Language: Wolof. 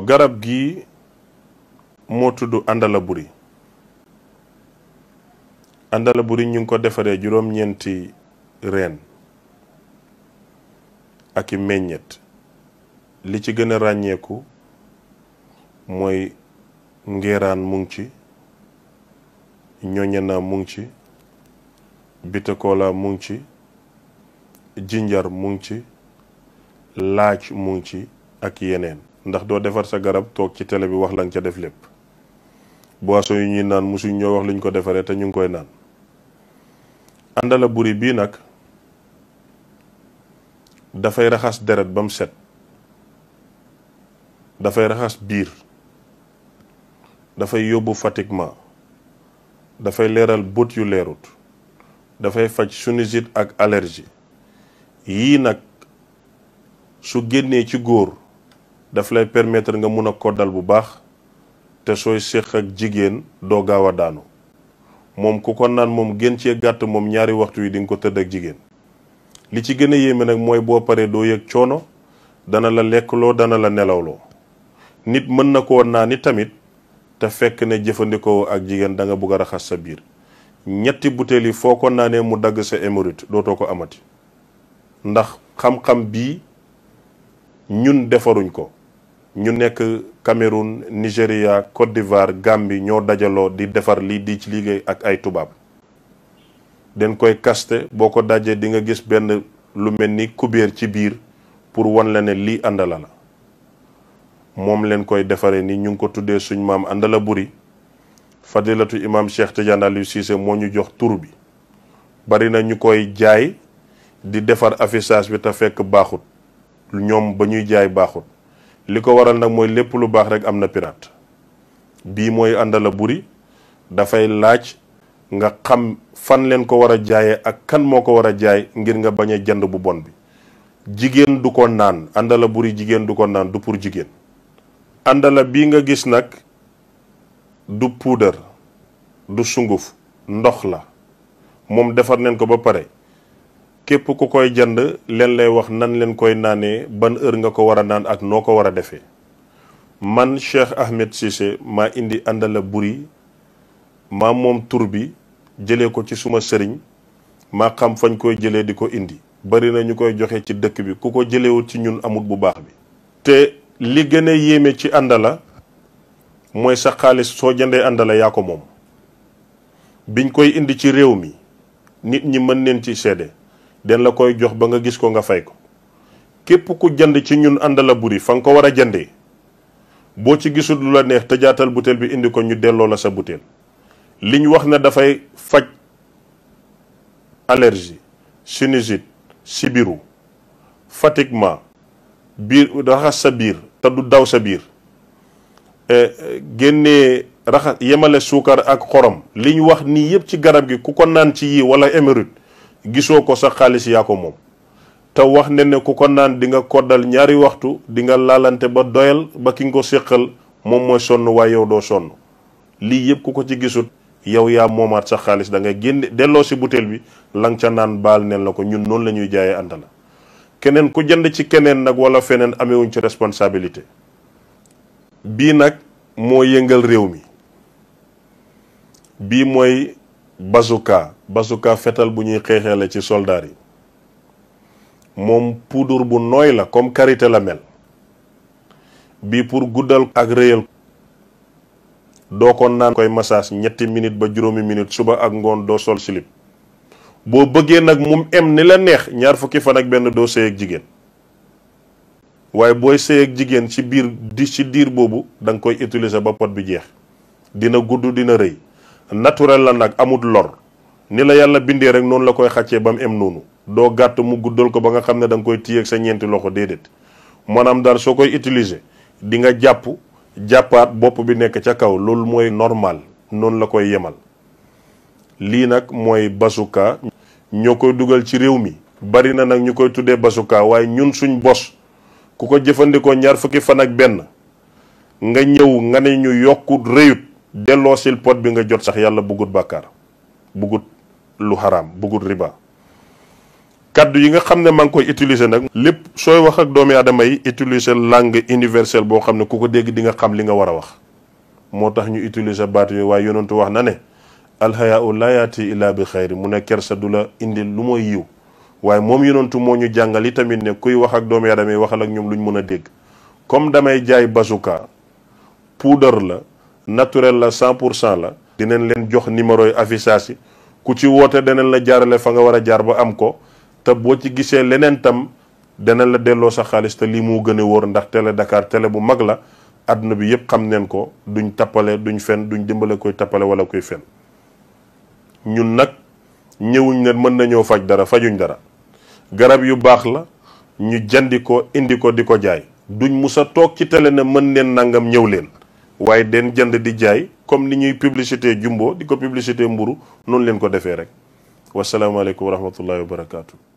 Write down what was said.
garab gii moo tudd àndala buri àndala buri ñu ngi ko defaree juróom-ñeenti reen ak i meññet li ci gën a ràññeeku mooy ngeeraan mu ci ñoñana mu ci bitakoola mu ngi ci jinjar mu ngi ci laaj mu ngi ci ak yeneen ndax doo defar sa garab toog ci tele bi wax lañ ca def lépp boisson yi ñuy naan musuñ ñoo wax liñ ko defaree te ñu ngi koy naan àndala buri bii nag dafay raxas deret ba mu set dafay raxas biir dafay yóbbu fatiguement dafay leeral bët yu leerut dafay faj sinusite ak allergie yii nag su génnee ci góor daf lay permettre nga mun a koddal bu baax te sooy séq ak jigéen doo gaaw a daanu moom ku ko naan moom gën cee gàtt moom ñaari waxtu yi di nga ko tëdd ak jigéen li ci gën a yéeme nag mooy boo paree doo yëg coono dana la lekkloo dana la nelawloo nit mën na koo naani tamit te fekk ne jëfandikoo ak jigéen da nga bugg a raxas sa biir ñetti butéel yi foo ko naanee mu dagg sa émorite dootoo ko amati ndax xam-xam bii ñun defaruñ ko ñu nekk Cameroun nigeria Côte d'Ivoire Gambie ñoo dajaloo di defar lii di ci liggéey ak ay tubaab den koy kaste boo ko dajee di nga gis benn lu mel ni kubéer ci biir pour wan la ne lii àndala la moom leen koy defaree ni ñu ngi ko tuddee suñ maam àndala buri fadilatu imam Cheikh Tidiane Aliou Cissé moo ñu jox tur bi bari na ñu koy jaay di defar affichage bi te fekk baaxut ñoom ba ñuy jaay baaxut li ko waral nag mooy lépp lu baax rek am na pirate bii mooy àndala buri dafay laaj nga xam fan leen ko war a jaayee ak kan moo ko war a jaay ngir nga bañ a jënd bu bon bi jigéen du ko naan àndala buri jigéen du ko naan du pour jigéen àndala bii nga gis nag du puudar du sunguf ndox la moom defar neen ko ba pare képp ku koy jënd leen lay wax nan leen koy naanee ban heure nga ko war a naan ak noo ko war a defee man Cheikh Ahmed Cissé maa indi àndala buri maa moom tur bi jëlee ko ci suma sëriñ maa xam fañ koy jëlee di ko indi bari na ñu koy joxe ci dëkk bi ku ko jëlewul ci ñun amut bu baax bi te li gën a yéeme ci àndala mooy sa xaalis soo jëndee àndala yaa ko moom biñ koy indi ci réew mi nit ñi mën neen ci seede den la koy jox ba nga gis ko nga fay ko képp ku jënd ci ñun àndala buri fa nga ko war a jëndee boo ci gisul lu la neex tëjaatal butéel bi indi ko ñu delloo la sa butéel liñ wax ne dafay faj allergie sinusite sibiru fatiguement biir raxas sa biir te du daw sa biir eh, génnee raxas yemale suukar ak xorom liñ wax nii yépp ci garab gi ku ko naan ci yii wala émérite gisoo ko sax xaalis yaa ko moom te wax ne ne ku ko naan di nga koddal ñaari waxtu dinga nga laalante ba doyal ba ki nga ko séqal moom mooy sonn waaye yow doo sonn lii yëpp ku ko ci gisut yow yaa moomaat sa xaalis da nga génne delloo si butéel bi lang ca naan baal neen la ko ñun noonu la ñuy jaayee ànd la keneen ku jënd ci keneen nag wala feneen amewuñ ci responsabilité bii nag moo yëngal réew mi bii mooy bazooka basuka fetal bu ñuy xeexee la ci soldaar yi moom poudre bu nooy la comme karité la mel bii pour guddal ak réyal doo ko naan koy massage ñetti minit ba juróomi minute suba ak ngoon doo sol silip boo bëggee nag mu em ni la neex ñaar fukki fan ak benn doo sëy ak jigéen waaye booy sëy ak jigéen ci biir di ci diir boobu danga koy utilise ba pot bi jeex dina gudd dina rëy naturel la nag amut lor ni la yàlla bindee rek noonu la koy xàccee ba mu em noonu doo gàtt mu guddal ko ba nga xam ne da koy téyeeg sa ñeenti loxo déedéet maanaam daal soo koy utiliser di nga jàpp jàppaat bopp bi nekk ca kaw loolu mooy normal noonu la koy yemal lii nag mooy basuka ñoo koy dugal ci réew mi bari na nag ñu koy tuddee basuka waaye ñun suñ bos ku ko jëfandikoo ñaar fukki fan ak benn nga ñëw nga ne ñu yokku réyut delloo silpot bi nga jot sax yàlla buggut bàkkaar lu xaraam bëggul riba kàddu yi nga xam ne maa ngi koy utiliser nag lépp sooy wax ak doomi aadama yi utiliser langue universelle boo xam ne ku ko dégg di nga xam li nga war a wax moo tax ñu utiliser baat yooyu waaye yonentu wax na ne alhayaau laa yaati illaa bi xayri mu ne kersa du la indi lu mooy yiw waaye moom yonentu moo ñu jàngal i tamit ne kuy wax ak doomi aadama yi waxal ak ñoom ñu mën a dégg comme damay jaay bazooka poudre la naturel la pour cent la dinañ leen jox numéro yi affichage yi ku ci woote danañ la jaarale fa nga war a jaar ba am ko te boo ci gisee leneen tam danañ la delloo sa xaalis te li moo gën a wóor ndax télé Dakar télé bu mag la àdduna bi yëpp xam neen ko duñ tappale duñ fen duñ dimbale koy tappale wala koy fen ñun nag ñëwuñ ne mën nañoo faj dara fajuñ dara garab yu baax la ñu jandi ko indi ko di ko jaay duñ musa toog ci tele ne mën neen nangam ñëw leen waaye den jënd di jaay comme ni ñuy publicité jumbo di ko publicité mburu noonu leen ko defee rek wasalaamaaleykum wa rahmatullahi wa barakaatu.